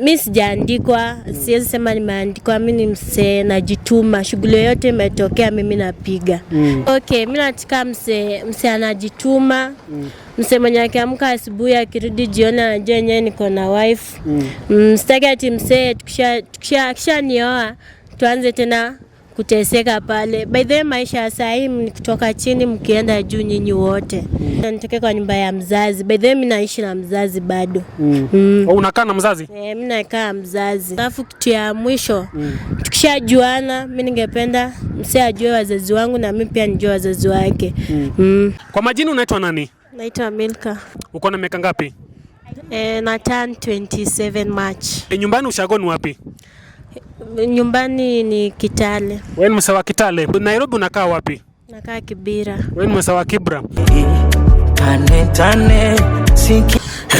mi sijaandikwa, siwezi sema nimeandikwa. Mi ni msee, najituma. Shughuli yoyote imetokea, mimi napiga mm. Okay, mi nataka msee, msee anajituma mm. Msee mwenye akiamka asubuhi akirudi jioni anajua enyewe niko na wife mm. Msitaki mm, ati msee tukisha, tukisha, tuanze tena kuteseka pale. By the way, maisha ya saa hii kutoka chini mkienda juu nyinyi wote. Mm. Nitoke kwa nyumba ya mzazi. By the way, mimi naishi na mzazi bado. Mm. Mm. Oh, unakaa na mzazi? Eh, mimi nakaa mzazi. Alafu kitu ya mwisho mm. tukishajuana, mimi ningependa msee ajue wazazi wangu na mimi pia nijue wazazi wake. Mm. Mm. Kwa majina unaitwa nani? Naitwa Milka. Uko na miaka ngapi? Eh, na 27 March. E, nyumbani ushago ni wapi? Nyumbani ni Kitale. Wewe ni msawa Kitale. Nairobi unakaa wapi? Nakaa Kibira. Wewe ni msawa Kibra.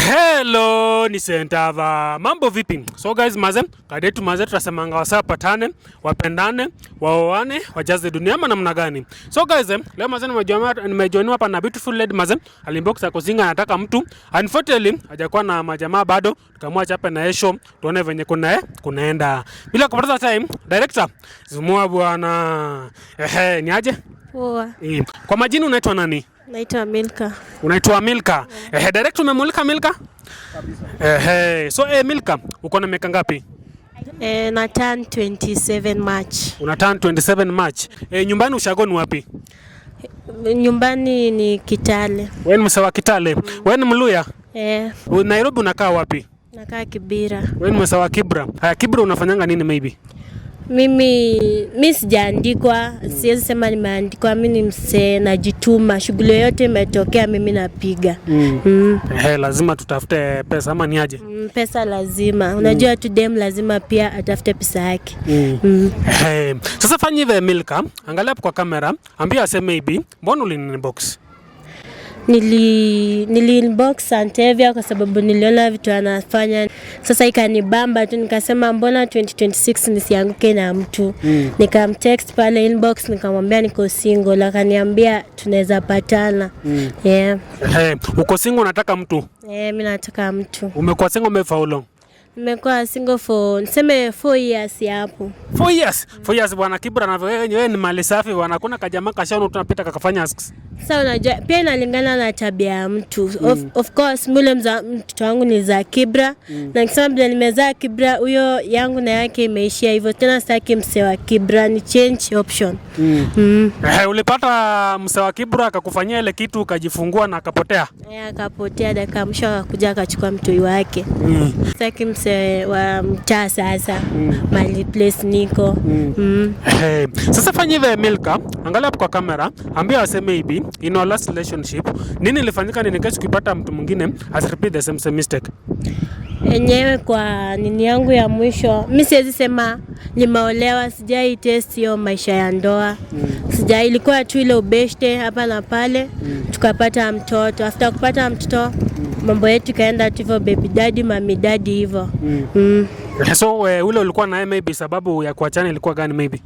Hello ni Sentava. Mambo vipi? So guys, maze kadetu maze, tunasemanga wasapatane, wapendane, waoane, wajaze dunia ama namna gani? So guys, eh, leo maze nimejoiniwa hapa na beautiful lady maze, ya kuzinga, anataka mtu. Unfortunately, hajakuwa na majamaa bado, tukamwacha hapa na esho, tuone venye kuna eh, kunaenda. Bila kupoteza time, director, zumua bwana. Ehe, ni aje? Poa. Eh, kwa majini unaitwa nani? Naitwa Milka. Unaitwa Milka. Yeah. Eh, direct umemulika Milka? Kabisa. Eh, So eh, Milka, uko na miaka ngapi? Eh, na turn 27 March. Una turn 27 March. Eh, nyumbani ushago ni wapi? Nyumbani ni Kitale. Wewe ni msawa Kitale. Mm. Wewe ni Mluya? Eh. Nairobi unakaa wapi? Nakaa Kibra. Wewe ni msawa Kibra. Haya, Kibra unafanyanga nini maybe? Mimi mi sijaandikwa, siwezi sema nimeandikwa. Mi ni msee, najituma. Shughuli yoyote imetokea, mimi napiga mm. mm. Hey, eh, lazima tutafute pesa ama ni aje? Mm, pesa lazima, unajua mm. tu dem lazima pia atafute pesa yake mm. mm. Hey, eh, sasa fanya hivi Milka, angalia hapo kwa kamera, ambia aseme ibi mbona ulinibox nili, nili inbox Santevia kwa sababu niliona vitu anafanya. Sasa ikanibamba tu nikasema mbona 2026 nisianguke na mtu mm. Nikamtext pale inbox nikamwambia niko single, akaniambia tunaweza patana mm. Yeah. Hey, eh, uko single unataka mtu? eh? Yeah, mimi nataka mtu. Umekuwa single umefaulu? Nimekuwa single for niseme 4 years hapo. 4 years. 4 years bwana Kibra na wewe ni mali safi bwana. Kuna kajamaa kashano tunapita kakafanya asks. Sasa unajua pia inalingana na tabia ya mtu mm. Of, course mule mza mtoto wangu ni za kibra mm. na nikisema bila nimezaa kibra, huyo yangu na yake imeishia hivyo. Tena sitaki msee wa kibra, ni change option mm. Mm. Eh, ulipata msee wa kibra akakufanyia ile kitu ukajifungua na akapotea? Eh, akapotea dakika mwisho akakuja akachukua mtoi wake mm. Sitaki msee wa mtaa sasa mm. mali place niko mm. Mm. Hey, eh, sasa fanya hivi Milka, angalia kwa kamera, ambia waseme hivi in our last relationship, nini ilifanyika nini kesho ukipata mtu mwingine has repeat the same, same mistake? Enyewe kwa nini yangu ya mwisho, mi siwezi sema nimeolewa, sijai test hiyo maisha ya ndoa mm. Sijai, ilikuwa tu ile ubeshte hapa na pale mm. Tukapata mtoto, after kupata mtoto mm. Mambo yetu ikaenda tu hivyo, baby daddy, mami daddy hivyo mm. mm. So uh, ule ulikuwa naye maybe, sababu ya kuachana ilikuwa gani maybe?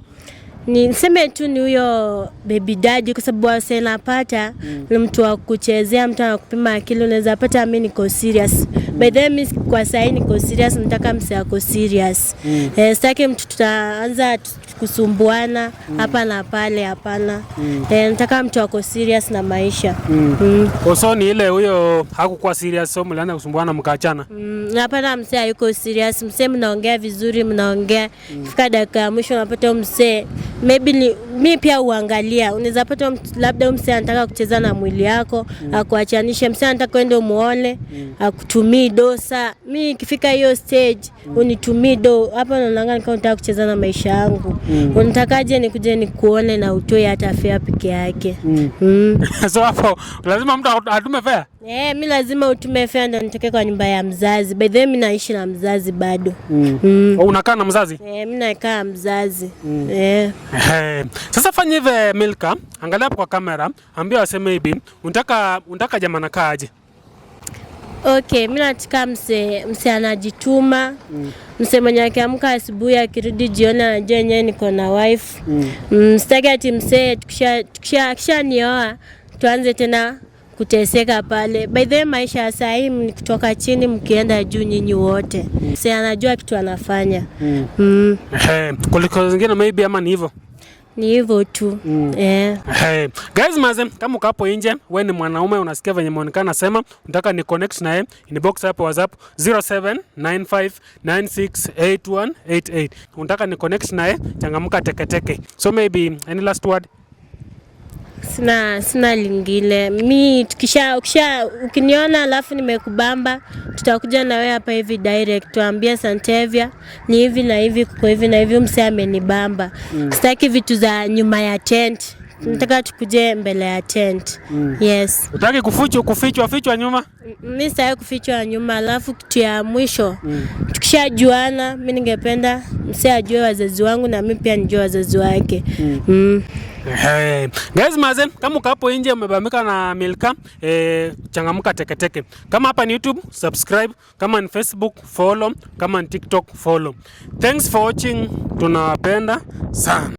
Niseme tu ni huyo Baby Daddy kwa sababu wase napata mm. ni mtu wa kuchezea, mtu wa kupima akili, unaweza pata. Mimi niko serious by the way, mimi kwa sasa niko serious, nataka mse ako serious mm. Eh, sitaki mtu tutaanza kusumbuana hapa mm. na pale, hapana mm. Eh, nataka mtu ako serious na maisha mm. Mm. Koso ni ile huyo hakukuwa serious, so mlianza kusumbuana mkaachana mm. Hapana, mse hayuko serious, mse mnaongea vizuri, mnaongea mm. Fika dakika ya mwisho unapata msee maybe mi pia uangalia, unaweza pata labda mse anataka kucheza na mwili yako mm. akuachanishe, mse anataka ende muone mm. akutumii dosa. Mi ikifika hiyo stage mm. unitumii do hapa, naonanga nika unataka kucheza na maisha yangu mm. unatakaje nikuje nikuone na utoe hata fea peke yake mm. mm. so hapo lazima mtu atume fea Eh, mi lazima utume fea ndo nitoke kwa nyumba ya mzazi. By the way, mi naishi na mzazi bado. mm. mm. Oh, unakaa na mzazi? Eh, mi nakaa na mzazi mm. eh. Sasa fanya hivi Milka, angalia hapo kwa kamera, ambia waseme hivi, unataka unataka jamana kaaje? Okay, mimi nataka mse mse anajituma mm. Mse mwenye akiamka asubuhi akirudi jioni anajua yenyewe niko na wife mm. Mstaki mm, ati mse tukisha tukisha akishanioa tuanze tena kuteseka pale. By the way, maisha ya saa hii ni kutoka chini mkienda juu nyinyi wote mm. Mse anajua kitu anafanya mm. Mm. Hey, kuliko zingine maybe ama ni hivyo ni hivyo tu mm. Yeah. Hey. Guys maze, kama uko hapo nje, we ni mwanaume unasikia venye muonekana, nasema nataka ni connect naye, inbox hapo WhatsApp 0795968188 unataka ni connect naye, changamka teketeke. So maybe any last word? sina, sina lingine mi. Tukisha ukisha ukiniona alafu nimekubamba, tutakuja na wewe hapa hivi direct, tuambie Santevia ni hivi na hivi, kuko hivi na hivi, msee amenibamba mm. Sitaki vitu za nyuma ya tent mm. Nataka tukuje mbele ya tent mm. Yes, utaki kufichwa kufichwa fichwa nyuma, mi sitaki kufichwa nyuma. Alafu kitu ya mwisho mm. Tukishajuana mi ningependa mse ajue wazazi wangu na mi pia nijue wazazi wake mm. Mm. Hey. Eh, guys mazen, kama uko hapo nje umebamika na Milka, eh, changamka teketeke. Kama hapa ni YouTube, subscribe, kama ni Facebook, follow, kama ni TikTok, follow. Thanks for watching. Tunawapenda sana.